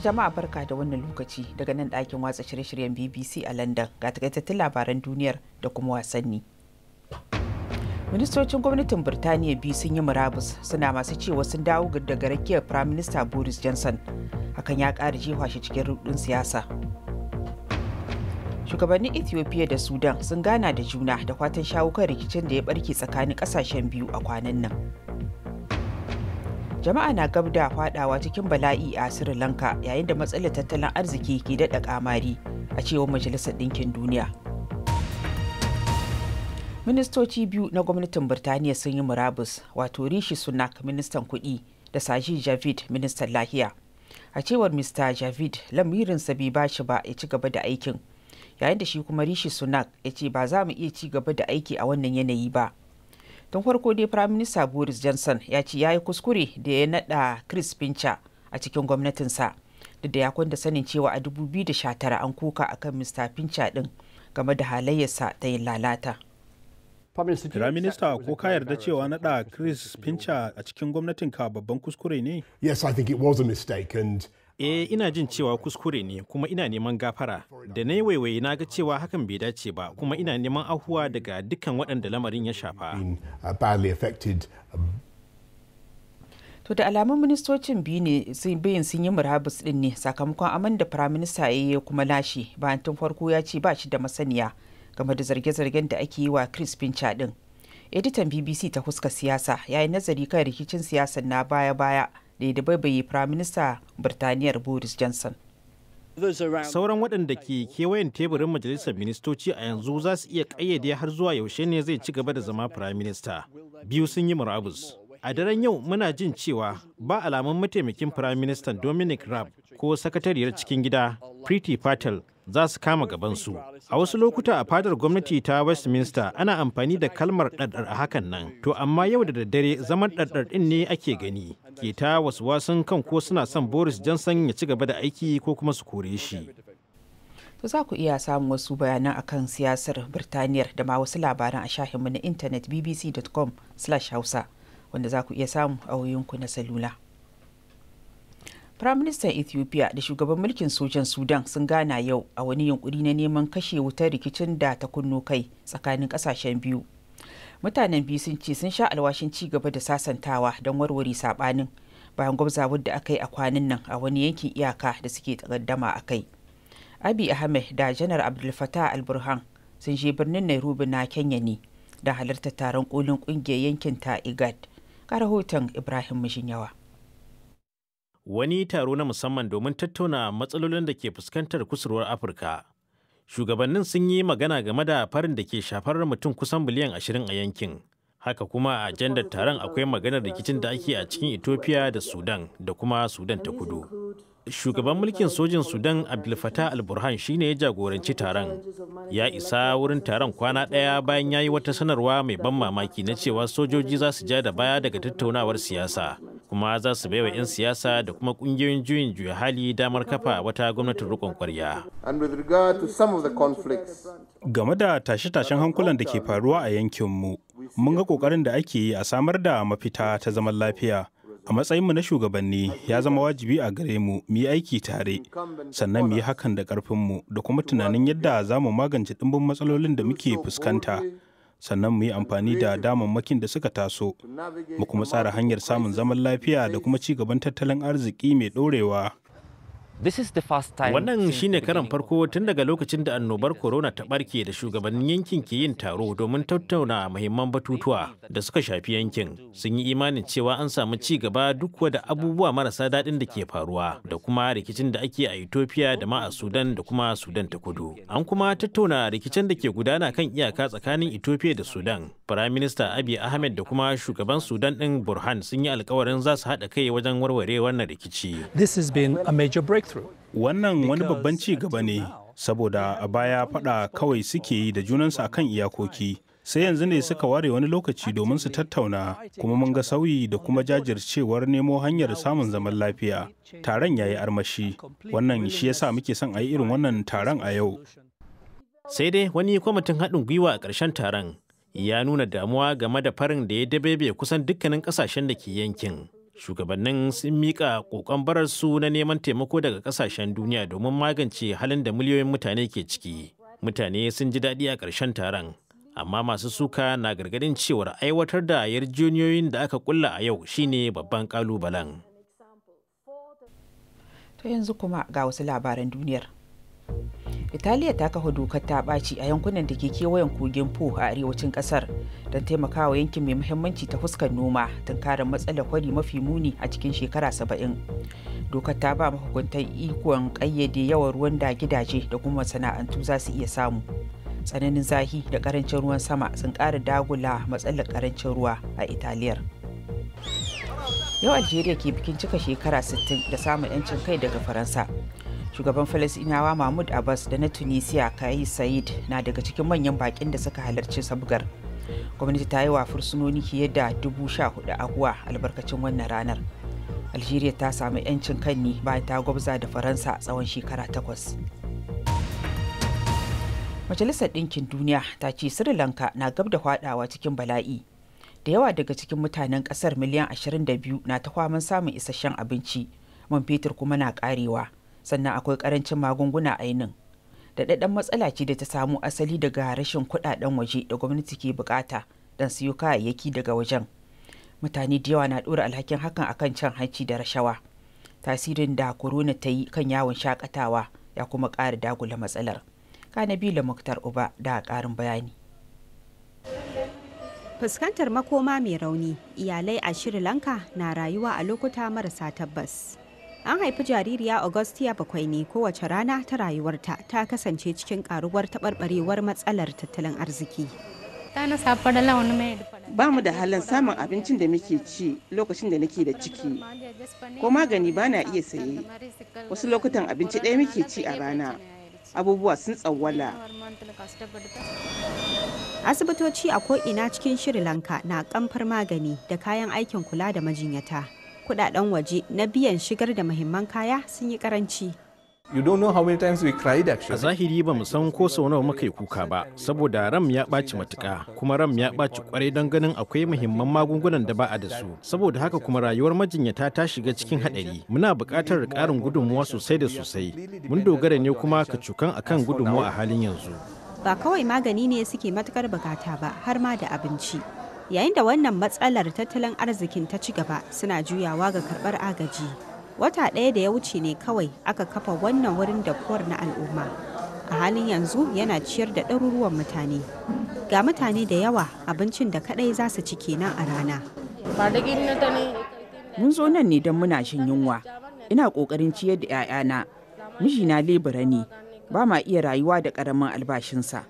jama'a barka da wannan lokaci daga nan ɗakin watsa shirye-shiryen bbc a london ga takaitattun labaran duniyar da kuma wasanni ministocin gwamnatin birtaniya biyu sun yi murabus suna masu cewa sun dawo daga rakiyar prime minister boris johnson hakan ya ƙara jefa shi cikin rudin siyasa shugabannin ethiopia da sudan sun gana da juna da fatan shawo kan rikicin da ya barke tsakanin kasashen biyu a kwanan nan jama'a na gab da fadawa cikin bala'i a sri lanka yayin da matsalar tattalin arziki ke daɗa kamari a cewar majalisar ɗinkin duniya ministoci biyu na gwamnatin birtaniya sun yi murabus wato rishi sunak ministan kuɗi da saji javid ministan lahiya a cewar mr javid lamirinsa bai ba shi ba ya ci gaba da aikin yayin da shi kuma rishi sunak ya ce ba za mu iya ci gaba da aiki a wannan yanayi ba tun farko dai prime minister boris johnson ya ce ya yi kuskure da ya nada chris pincher a cikin gwamnatinsa duk da ya kwanda sanin cewa a 2019 an kuka akan mr pincher din game da halayyarsa ta yin lalata Firaminista ko ka yarda cewa naɗa Chris Pincher a cikin gwamnatinka babban kuskure ne? Yes, I think it was a mistake and Eh um, ina jin cewa kuskure ne kuma ina neman gafara da na yi waiwaye na ga cewa hakan bai dace ba kuma ina neman ahuwa daga dukkan waɗanda lamarin ya shafa. Uh, um, to da alamun ministocin biyu ne sun bayin sun yi murabus din ne sakamakon amanda firaminista ya yi kuma lashe bayan tun farko ya ce ba shi da masaniya game da zarge-zargen da ake yi wa Chris Pincha din. Editan BBC ta huska siyasa ya yi nazari kan rikicin siyasar na baya-baya da ya dabaibaye Firaminista Birtaniyar Boris Johnson. Sauran waɗanda ke kewayen teburin majalisar ministoci a yanzu za su iya ƙayyade har zuwa yaushe ne zai ci gaba da zama firaminista. Biyu sun yi murabus. A daren yau muna jin cewa ba alamun mataimakin firaministan Dominic Raab ko sakatariyar cikin gida Preeti Patel za su kama gabansu. A wasu lokuta a fadar gwamnati ta Westminster ana amfani da kalmar ɗaɗɗar a hakan nan, to amma yau da daddare zaman ɗaɗɗar ɗin ne ake gani. Ke ta wasu wasan kan ko suna son Boris Johnson ya ci gaba da aiki ko kuma su kore shi. To za ku iya samun wasu bayanan akan siyasar Birtaniyar da ma wasu labaran a shahinmu na intanet bbc.com/hausa wanda za ku iya samu a wayoyinku na salula. Firaministan Ethiopia da shugaban mulkin sojan Sudan sun gana yau a wani yunkuri na neman kashe wutar rikicin da ta kunno kai tsakanin kasashen biyu. Mutanen biyu sun ce sun sha alwashin ci gaba da sasantawa don warware sabanin bayan gwabzawar da aka yi a kwanan nan a wani yankin iyaka da suke takaddama a kai. Abi Ahmed da Janar Abdul Fattah Al-Burhan sun je birnin Nairobi na Kenya ne da halartar taron kolin kungiyar yankin ta IGAD. Ka rahoton Ibrahim Mishinyawa. wani taro na musamman domin tattauna matsalolin da ke fuskantar kusurwar Afirka. Shugabannin sun yi magana game da farin da ke shafar mutum kusan miliyan ashirin a yankin. Haka kuma a ajandar taron akwai maganar rikicin da ake a cikin Ethiopia da Sudan da kuma Sudan ta kudu. shugaban mulkin sojin sudan abdulfatah al-burhan shine ya jagoranci taron ya isa wurin taron kwana daya bayan ya yi wata sanarwa mai ban mamaki na cewa sojoji za su ja da baya daga tattaunawar siyasa kuma za su baiwa 'yan siyasa da kuma kungiyoyin juyin juya hali damar kafa wata gwamnatin rukun kwarya game da tashe-tashen hankulan da ke faruwa a yankinmu mun ga ƙoƙarin da ake yi a samar da mafita ta zaman lafiya a matsayin mu na shugabanni ya zama wajibi a gare mu mu yi aiki tare sannan mu yi hakan da mu da kuma tunanin yadda za mu magance dimbin matsalolin da muke fuskanta sannan mu yi amfani da damammakin da suka taso mu kuma tsara hanyar samun zaman lafiya da kuma ci gaban tattalin arziki mai ɗorewa. Wannan shine karan farko tun daga lokacin da annobar corona ta barke da shugabannin yankin ke yin taro domin tattauna muhimman batutuwa da suka shafi yankin. Sun yi imanin cewa an samu ci gaba duk da abubuwa marasa daɗin da ke faruwa da kuma rikicin da ake a Ethiopia da ma a Sudan da kuma Sudan ta kudu. An kuma tattauna rikicin da ke gudana kan iyaka tsakanin Ethiopia da Sudan. Firayim Minista Abiy Ahmed da kuma shugaban Sudan ɗin Burhan sun yi alkawarin za su haɗa kai wajen warware wannan rikici. This has been a major break Wannan wani babban ci gaba ne, saboda a baya faɗa kawai suke yi da junansu akan iyakoki. Sai yanzu ne suka ware wani lokaci domin su tattauna, kuma mun ga sauyi da kuma jajircewar nemo hanyar samun zaman lafiya. Taron ya yi armashi, wannan shi yasa muke son a yi irin wannan taron a yau. Sai dai wani kwamitin haɗin gwiwa a ƙarshen taron ya nuna damuwa game da farin da ya dabebe kusan dukkanin ƙasashen da ke yankin. shugabannin sun miƙa ƙoƙon bararsu na neman taimako daga kasashen duniya domin magance halin da miliyoyin mutane ke ciki mutane sun ji daɗi a ƙarshen taron amma masu suka na gargadin cewar aiwatar da yarjejeniyoyin da aka kulla a yau shine babban kalubalen. to yanzu kuma ga wasu labaran duniyar italiya ta kafa dokar ta ɓaci a yankunan da ke kewayen kogin po a arewacin kasar don taimakawa yankin mai muhimmanci ta fuskar noma tunkarar matsalar kwari mafi muni a cikin shekara saba'in dokar ta ba mahukuntan ikon ƙayyade yawan ruwan da gidaje da kuma masana'antu za su iya samu tsananin zahi da karancin ruwan sama sun kara dagula matsalar karancin ruwa a italiyar yau algeria ke bikin cika shekara 60 da samun 'yancin kai daga faransa shugaban falasinawa mahmud abbas da na tunisia kayi said na daga cikin manyan bakin da suka halarci sabgar gwamnati ta yi wa fursunoni fiye da dubu sha hudu aguwa albarkacin wannan ranar algeria ta samu 'yancin kan ne bayan ta gwabza da faransa tsawon shekara takwas majalisar ɗinkin duniya ta ce sri lanka na gab da hwadawa cikin bala'i da yawa daga cikin mutanen ƙasar miliyan 22 na ta kwamin samun isasshen abinci man fetur kuma na ƙarewa sannan akwai karancin magunguna ainin daɗaɗɗen matsala ce da ta samu asali daga rashin kuɗaɗen waje da gwamnati ke bukata don siyo kayayyaki daga wajen mutane da yawa na ɗora alhakin hakan akan can hanci da rashawa tasirin da korona ta yi kan yawon shakatawa ya kuma ƙara dagula matsalar kanabila muktar uba da ƙarin bayani fuskantar makoma mai rauni iyalai a shirin lanka na rayuwa a lokuta marasa tabbas an haifi jaririya augustia bakwai ne kowace rana ta rayuwarta ta kasance cikin karuwar taɓarɓarewar matsalar tattalin arziki ba mu da halin samun abincin da muke ci lokacin da nake da ciki ko magani ba na iya saye wasu lokutan abinci ɗaya muke ci a rana abubuwa sun tsawwala asibitoci a ko'ina cikin shirin lanka na kamfar magani da kayan aikin kula da majinyata kudaden waje na biyan shigar da muhimman kaya sun yi karanci. You don't A zahiri ba mu san ko sau nawa muka yi kuka ba, saboda ram ya ɓaci matuka kuma ram ya ɓaci kwarai don ganin akwai muhimman magungunan da ba a da su. Saboda haka kuma rayuwar majinyata ta shiga cikin haɗari. Muna buƙatar ƙarin gudunmuwa sosai da sosai. Mun dogara ne kuma ka cukan akan gudunmuwa a halin yanzu. Ba kawai magani ne suke matuƙar bukata ba, har ma da abinci. yayin da wannan matsalar tattalin arzikin ta ci gaba suna juyawa ga karbar agaji wata ɗaya da ya wuce ne kawai aka kafa wannan wurin dafuwar na al'umma a halin yanzu yana ciyar da ɗaruruwan mutane ga mutane da yawa abincin da kaɗai za su ci kenan a rana mun zo nan ne don muna shin yunwa ina ƙoƙarin ciyar da 'ya'yana mijina lebura ne ba ma iya rayuwa da ƙaramin albashinsa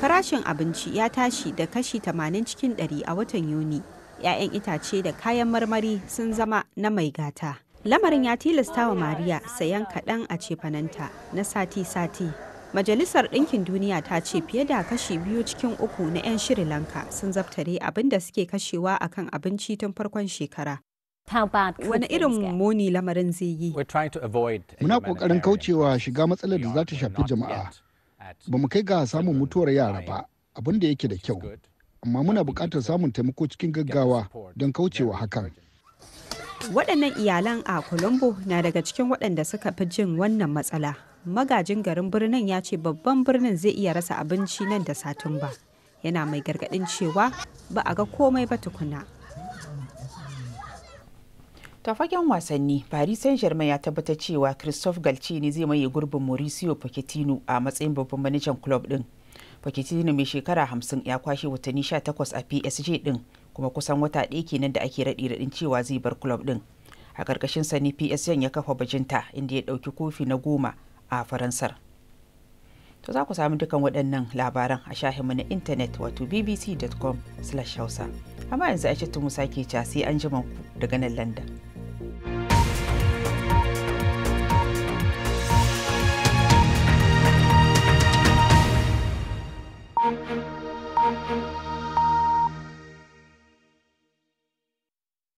Farashin abinci ya tashi da kashi 80 cikin 100 a watan Yuni. 'Ya'yan itace da kayan marmari sun zama na mai gata. Lamarin ya tilasta wa Mariya sayan kaɗan a cefananta na sati-sati. Majalisar Ɗinkin Duniya ta ce fiye da kashi biyu cikin uku na 'yan Sri Lanka sun zaftare abin da suke kashewa a kan abinci tun farkon shekara. Wani irin muni lamarin zai yi? Muna ƙoƙarin kaucewa shiga matsalar da za ta shafi jama'a. ba mu kai ga samun mutuwar yara ba abin da yake da kyau amma muna buƙatar samun taimako cikin gaggawa don kaucewa hakan waɗannan iyalan a colombo na daga cikin waɗanda suka fi jin wannan matsala magajin garin birnin ya ce babban birnin zai iya rasa abinci nan da satumba yana mai gargaɗin cewa ba a ga komai ba tukuna ta fagen wasanni paris saint germain ya tabbata cewa christophe galchini zai maye gurbin mauricio pochettino a matsayin babban manajan club din pochettino mai shekara hamsin ya kwashe watanni 18 a psg din kuma kusan wata ɗaya kenan da ake raɗi raɗin cewa zai bar club din a ƙarƙashin sa ne psg ya kafa bajinta inda ya ɗauki kofi na goma a faransar to za ku samu dukan waɗannan labaran a shahinmu na intanet wato bbc.com/hausa amma yanzu a musa ke sai an ku daga nan london